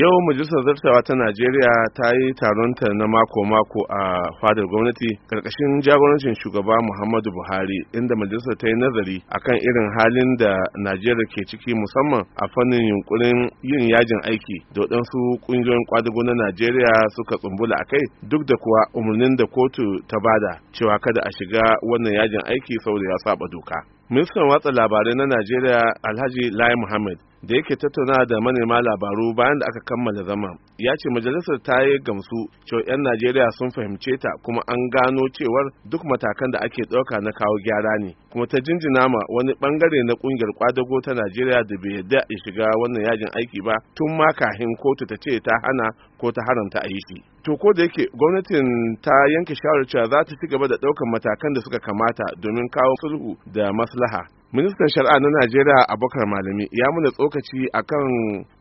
yau majalisar zartawa ta najeriya ta yi taronta na mako-mako a fadar gwamnati karkashin jagorancin shugaba muhammadu buhari inda majalisar ta yi nazari akan irin halin da najeriya ke ciki musamman a fannin yunkurin yin yajin aiki da waɗansu ƙungiyoyin kwadugo na najeriya suka tsumbula a kai duk da kuwa umarnin da kotu ta bada cewa kada a shiga wannan yajin aiki saboda ya saba doka ministan watsa labarai na najeriya alhaji lai muhammad da yake tattauna da manema labaru bayan da aka kammala zama ya ce majalisar ta yi gamsu cewa 'yan najeriya sun fahimce ta kuma an gano cewar duk matakan da ake ɗauka na kawo gyara ne kuma ta jinjina ma wani bangare na kungiyar kwadago ta najeriya da bai yadda ya shiga wannan yajin aiki ba tun ma kahin kotu ta ce ta hana ko ta haramta a yi shi to ko da yake gwamnatin ta yanke shawarar cewa za ta ci gaba da ɗaukar matakan da suka kamata domin kawo sulhu da maslaha ministan shari'a na najeriya abubakar malami ya muna tsokaci akan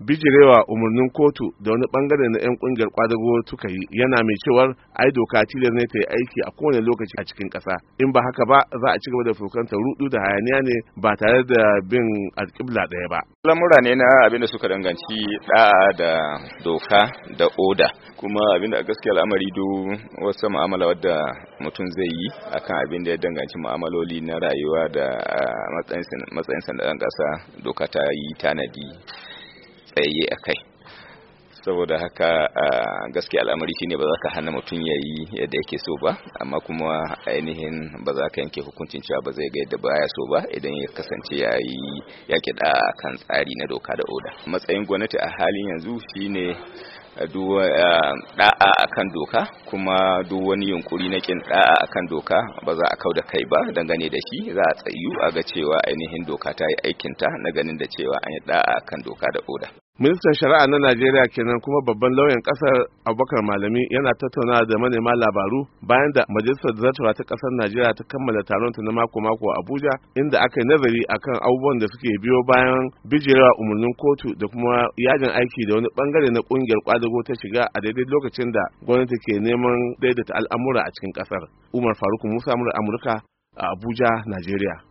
bijirewa umarnin kotu da wani bangare na 'yan kungiyar kwadago tuka yi yana mai cewar ai doka tilar ne ta yi aiki a kowane lokaci a cikin kasa in ba haka ba za a ci gaba da fukanta rudu da hayaniya ne ba tare da bin alkibla daya ba lamura ne na abin da suka danganci da da doka da oda kuma abin da gaskiya al'amari do wasu mu'amala wadda mutum zai yi akan abin ya danganci mu'amaloli na rayuwa da ah, matsayin ɗan ƙasa doka ta yi tanadi tsaye a kai saboda haka gaske al'amari shine ba za ka hana mutum ya yi yadda yake so ba amma kuma ainihin ba za ka yanke hukuncin cewa ba zai ga yadda baya so ba idan ya kasance ya yi ya kiɗa kan tsari na doka da oda matsayin gwamnati a halin yanzu shine da'a kan doka kuma duk wani yunkuri na kin da'a kan doka ba za a kau da kai ba dangane da shi za a tsayu a ga cewa ainihin doka ta yi aikinta na ganin da cewa an yi da'a kan doka da oda ministan shari'a na najeriya kenan kuma babban lauyan kasar abubakar malami yana tattauna da manema labaru bayan da majalisar zartura ta kasar najeriya ta kammala taron ta na mako-mako a abuja inda aka yi nazari akan abubuwan da suke biyo bayan bijirewa umarnin kotu da kuma yajin aiki da wani bangare na kungiyar kwadago ta shiga a daidai lokacin da gwamnati ke neman daidaita al'amura a cikin kasar umar faruk musa amurka a abuja najeriya